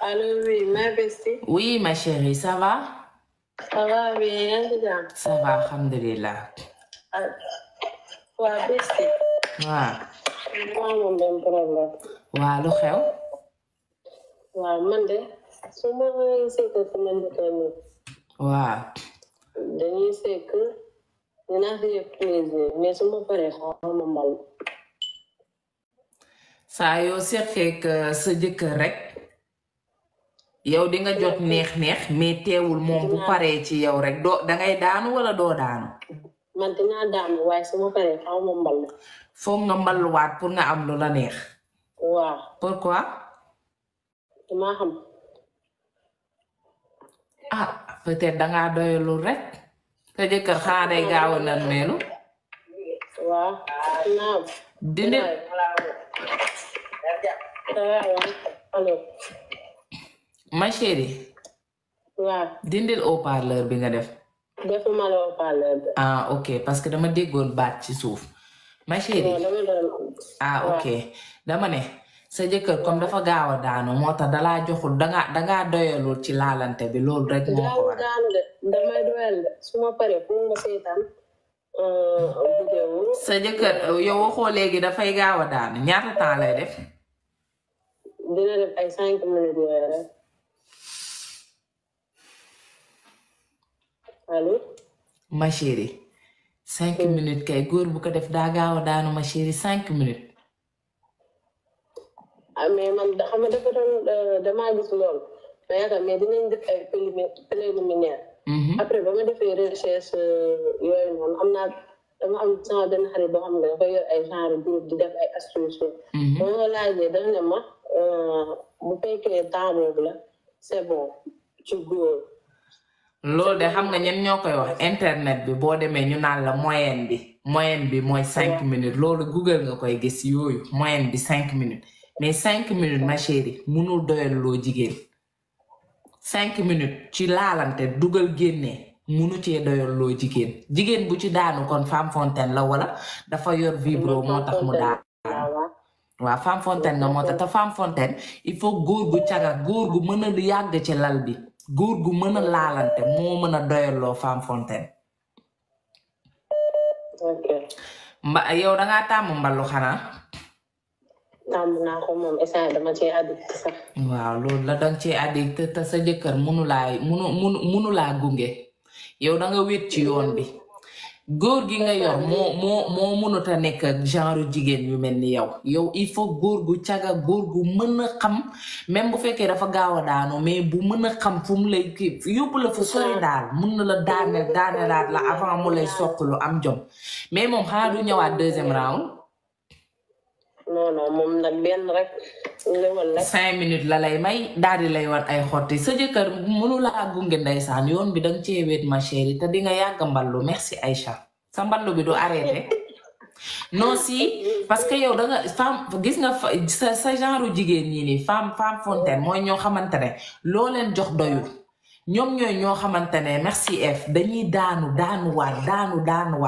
Allô, oui, ma bestie. Oui, ma chérie, ça va Ça va bien, déjà. Ça va, alhamdulillah. Ah, Je bestie. Ouais. Moi, mon même problème. Ouais, le xew man de Je tu Je Ouais. que, Je de plaisir mais xaw ma que Je que rek. yow di nga jot neex-neex mais teewul moom bu paree ci yow rek doo da ngay daanu wala doo daanu. man dinaa daanu waaye su paree xaw ma mbal. foog nga mballuwaat pour nga am lu la neex. waaw pourquoi. damaa xam. ah peut-être dangaa doyalul rek. sa jëkkër xanaa day gaaw nan meelu. dindi. ma chérie. waaw dindil haut-parleur bi nga def. defuma la haut-parleur bi. ah ok parce que dama déggoon baat ci suuf. ma chérie ah, ok dama ne sa jëkkër comme dafa gaaw a daanu moo tax dalaa joxul danga dangaa doyalul ci laalante bi loolu rek. moo ko waral euh, sa jëkkër yow waxoo léegi dafay gaaw a daanu ñaata temps lay def. allo. ma chérie. cinq euh. minutes kay góor bu ko def daa gaaw a daanu ma cinq minutes. Ah, mais man xam nga dafa doon euh, damaa gis loolu ma yaakaar mais dinañ def ay préliminaire mhm. après ba ma defee recherche euh, yooyu noonu am naa dama am sama benn xarit boo xam ne dafa yor ay genre groupe def ay astuces. Mhm. ba ma laajee ne ma bu fekkee temps la c'est ci góor. loolu de xam nga ñen ñoo koy wax internet bi boo demee ñu naan la moyen bi moyen bi mooy cinq minutes loolu Google nga koy gis yooyu moyenne bi cinq minutes mais cinq minutes ma chérie munul doyal loo jigéen cinq minutes ci laalante dugal génnee munu cee doyal loo jigéen jigéen bu ci daanu kon femme fontaine la wala dafa yor vibro moo tax mu daanu waaw femme fontaine nga moo tax te femme fontaine il faut góor gu caga góor gu mën yàgg ci lal bi góor gu mën a laalante moo mën a doyaloo femme fontaine. ok. mba yow da tàmm mbalu xanaa. tàmm naa ko waaw loolu la danga cee addict te sa jëkkër mënu laa mënu mënu mënu gunge yow da nga ci yoon bi. góor gi nga yor moo moo moo mënut a nekk genre jigéen yu mel ni yow yow il faut góor gu caga góor gu mën a xam même bu fekkee dafa gaaw a daanu mais bu mën a xam fu mu lay kii yóbbu la fu sori daal mun na la daane daane laat la avant mu lay soq am jom mais moom xaa du ñëwaat deuxième round. non non moom nag benn rek léwal rek cinq minutes la lay may daal di lay war ay xotti sa jëkkër mënu laa yoon bi danga cee wéet ma chérie te di nga yàgg mballu merci Aïcha sa mballu bi du arrêté non si parce que yow da nga femme gis nga sa fam, genre jigéen ñi nii femme femme fontaine mooy ñoo xamante ne loo leen jox doyul ñoom ñooy ñoo xamante ne merci F dañuy daanu daanu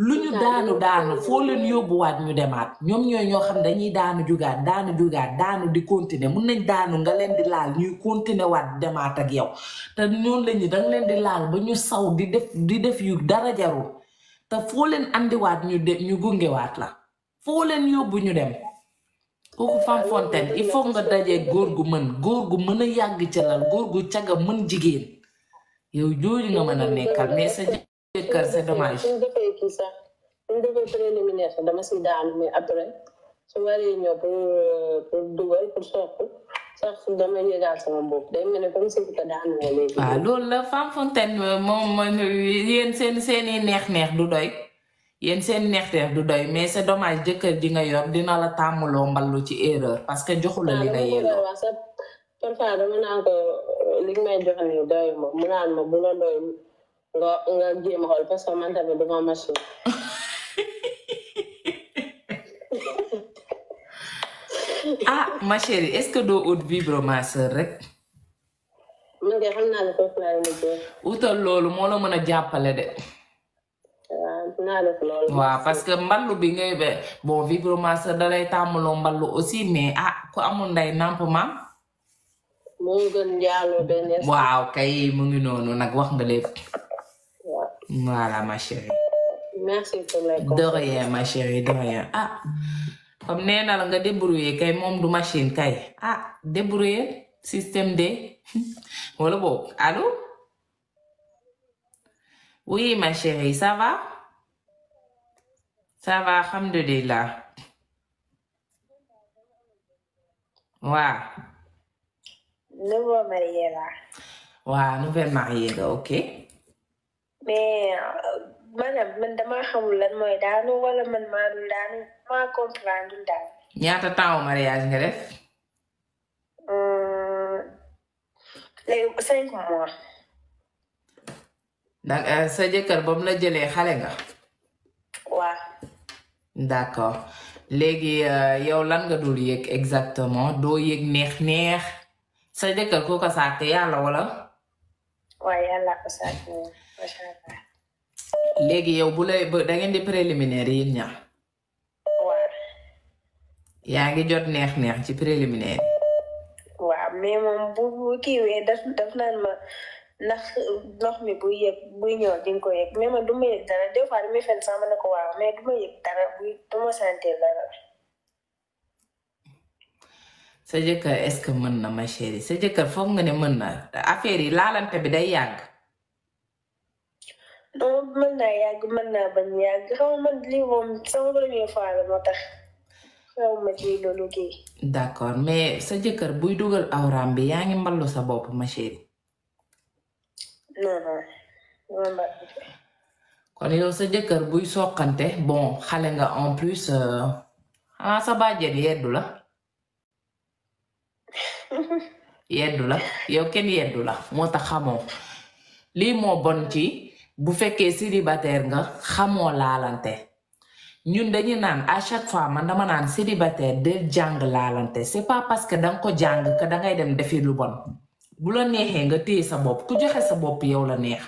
lu ñu daanu daanu foo leen yóbbuwaat ñu demaat ñoom ñooy ñoo xam dañuy daanu jugaat daanu jugaat daanu di continuer mun nañ daanu nga leen di laal ñuy continuer waat demaat ak yow te ñoon la ñi danga leen di laal ba ñu saw di def di def yu dara jarul te foo leen andiwaat ñu de ñu gungewaat la foo leen yóbbu ñu dem ku Femme Fontaine il faut nga dajee góor gu mën góor gu mën a yàgg ca lal góor gu caga mën jigéen yow jooju nga mën a nekkal mais sa jëkkër c'est dommage suñu defee kii sax suñu defee préliminaire sax dama si daanu mais après su waree ñëw pour pour dugal pour sopp sax dama yëgaat sama bopp day mel ne ah, euh, moom mooy yéen seeni neex-neex du doy yéen seen neex-neex du doy mais c'est dommage jëkkër ji nga yoon dina la tàmmaloo mballu ci erreur parce que joxu la li nga yelloo ah, parfois dama naan ko li may jox nii doy ma mu naan ma bu la doy. nga nga game a xool parce que man ah ma chérie est-ce que doo ut vibromasseur rek man de xam naa ne foofu laay mujjee utal loolu moo la mën a jàppale ya, de parce que mballu bi ngay be bon vibromasseur mballu aussi mais ah ku amul nday nàmp maam moo gën njaaloo benn waaw kay mu ngi noonu wax nga Voilà, ma chérie. Merci pour la De rien, ma chérie, de rien. Ah, comme nous naa la nga débrouiller kay moom du machine kay. Ah, débrouillé, système D. Wala allô? Oui, ma chérie, ça va? Ça va, de alhamdulillah. wa Nouvelle mariée, là. wa nouvelle mariée là ok. mais maanaam euh, man damaa xamul lan mooy daanu wala man maa dul maa comprendre daal. ñaata temps mariage euh, euh, sa jëkkër ba mu la jëlee xale nga. waaw. d'accord léegi yow lan nga dul yëg exactement doo yëg neex neex sa jëkkër koo ko sàkk yàlla waaye yàlla ko saako léegi yow bu lay da ngeen di préliminaire yi ñaar. waaw. yaa ngi jot neex neex ci préliminaire. waaw mais moom bu bu kiiwee daf daf naan ma ndax ndox mi buy yëg buy ñëw di nga ko yëg mais man du ma yëg dara des fois du ma fenn sax ma ne ko waaw mais du ma yëg dara buy du ma sentir dara. sa jëkkër est-ce que mën na ma chérie sa jëkkër foog nga ne mën na affaire yi laalante bi day yàgg non mën naa yàgg mën naa bañ yàgg xaw ma lii moom sama première ma ci loolu kii d'accord mais sa jëkkër buy dugal awraam bi yaa ngi mballu sa bopp ma chérie non non kon yow sa jëkkër bon xale nga en plus xanaa ah, ah, sa bàjjen yeddu la yeddu la yow kenn yeddu la moo tax xamoo lii moo bon ci bu fekkee célibataire nga xamoo laalante ñun dañu naan à chaque fois man dama naan célibataire del jàng laalante c'est pas parce que danga ko jàng que dangay dem defi lu bon bu la neexee nga téye sa bopp ku joxe sa bopp yow la neex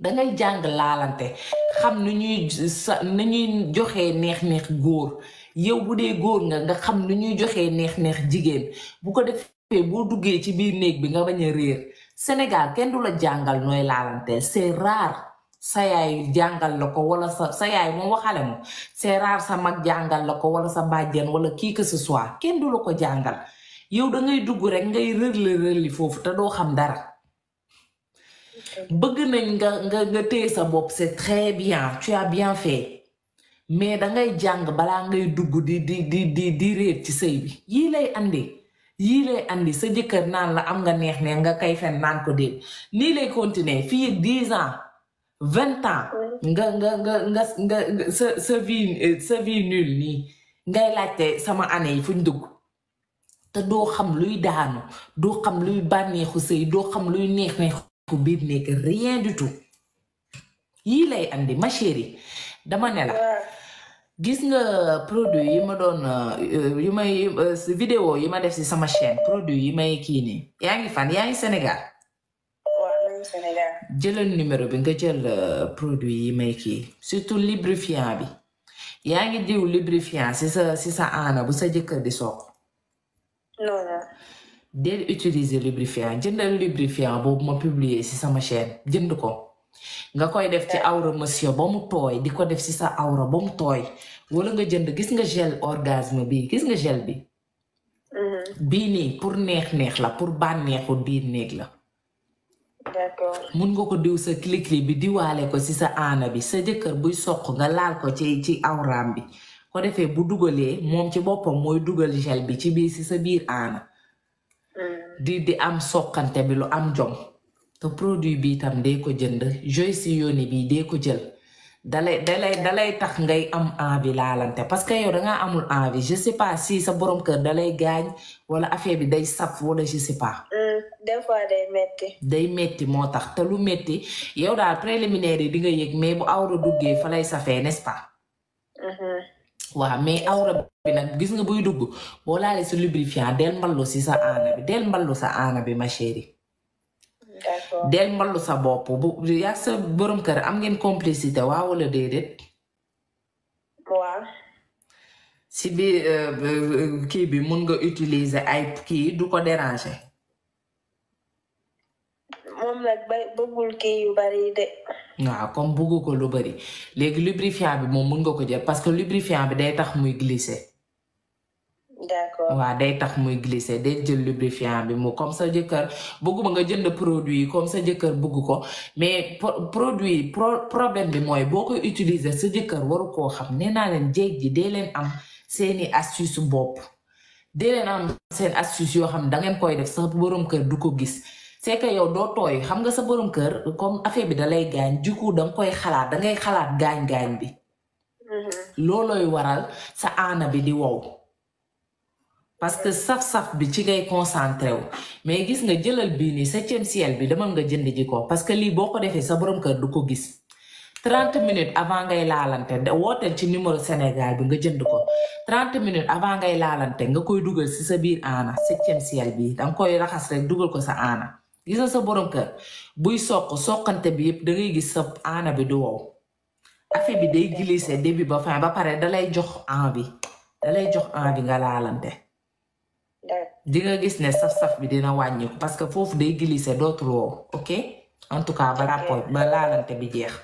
dangay jàng laalante xam nu ñuy sa nu ñuy joxee neex neex góor yow bu dee góor nga nga xam nu ñuy joxee neex-neex jigéen bu ko defee boo duggee ci biir néeg bi nga bañ a réer Sénégal kenn du la jàngal nooy laalanteel c'est rare sa yaay jàngal la ko wala sa sa yaay moom waxale mo c'est rare sa mag jàngal la ko wala sa bàjjen wala kii que ce soit kenn du la ko jàngal yow dangay dugg rek ngay rërli rërli foofu te doo xam dara. bëgg nañ nga nga téye sa bopp c'est très bien tu bien fait. mais dangay jàng balaa ngay dugg di di di di di réer ci sëy bi yii lay andi yii lay andi sa jëkkër naan la am nga neex ne nga kay fen naan ko dee nii lay continuer fii dix ans vingt nga nga nga nga nga nul nii ngay laajte sama année yi fuñ dugg te doo xam luy daanu doo xam luy bànneexu sëy doo xam luy neex neexu biir nekk rien du tout yii lay andi ma chérie dama ne la gis nga produit yi ma doon euh, yi may euh, yi ma def si sama chaîne produit yi may kii nii yaa ngi fan yaa ngi Sénégal. jëlal numéro bi nga jël euh, produit yi may kii surtout lubrifiant bi yaa ngi diw lubrifiant si sa si sa aana bu sa jëkkër di soog. non non. del utiliser lubrifiant jëndal lubrifiant boobu ma publier si sama chaîne jënd ko. nga koy def ci eh. awra monsieur ba mu tooy di ko def ci sa awra ba mu tooy walla nga jënd gis nga gel orgasme bi gis nga gel bi mm-hmm. bii nii pour neex-neex la pour bànneexu biir néeg la mun nga ko diw sa kilikili bi diwaale ko ci sa aana bi sa jëkkër buy soq nga laal ko ci ci awraam bi ko defee bu dugalee moom ci boppam mooy dugal gel bi ci biir ci sa biir aana mm. di di am soqante bi lu am jom te produit bi tam dee ko jënd joy si bi dee ko jël dalay dalay dalay tax ngay am envie laalante parce que yow nga amul envie je sais pas si sa borom kër dalay Gagne, wala affaire bi day saf wala je sais pas. Mm, des fois day metti. day metti motax tax te lu metti yow dal préliminaire di nga yëg mais bu awra duggé falay lay n'est-ce pas. Mm-hmm. waaw mais awra bi nag gis nga buy dugg boo laalee si lubrifiant del mballu si sa ana bi del mballu sa ana bi ma chérie del mallu sa bopp bu yaa sa kër am ngeen complicité waaw wala déedéet. waaw. si bi euh, euh, kii bi mun nga utiliser ay kii du ko déranger. moom nag ba bëggul kii yu bari de. waaw comme bëggu ko lu bari léegi lubrifiant bi moom mun nga ko jël parce que lubrifiant bi day tax muy glisser. waa waaw day tax muy glisser day jël lubrifiant bi mu comme sa jëkkër bëgguma nga jënd produit yi comme sa jëkkër bëgg ko mais produit pro problème bi mooy boo koy utiliser sa jëkkër waru koo xam ne naa leen jéeg ji dee leen am seeni astuce bopp dee leen am seen astuce yoo xam ne da ngeen koy def sa borom kër du ko gis c'est yow doo tooy xam nga sa borom kër comme affaire bi da lay gaañ du coup koy xalaat da ngay xalaat gaañ-gaañ bi. Mm-hmm. loolooy waral sa aana bi di wow. parce que saf-saf bi ci ngay concentré wu mais gis nga jëlal biini nii septième bi demal nga jënd ji ko parce que lii boo ko defee sa borom kër du ko gis 30 minutes avant ngay laalante wooteel ci numéro Sénégal bi nga jënd ko 30 minutes avant ngay laalante nga koy dugal si sa biir aana septième ciel bi danga koy raxas rek dugal ko sa aana gis nga sa borom kër buy soq soqante bi yëpp da ngay gis sa aana bi du wow affaire bi day glissé début ba fin ba pare lay jox envie lay jox envie nga laalante di nga gis ne saf-saf bi dina wàññiku parce que foofu day glisser dootul woo ok en tout cas ba rapport ba laalante bi jeex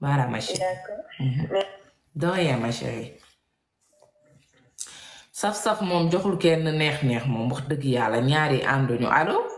voilà ma chérie. Mhm. de rien saf-saf moom joxul kenn neex-neex moom wax dëgg yàlla ñaari ànduñu allo.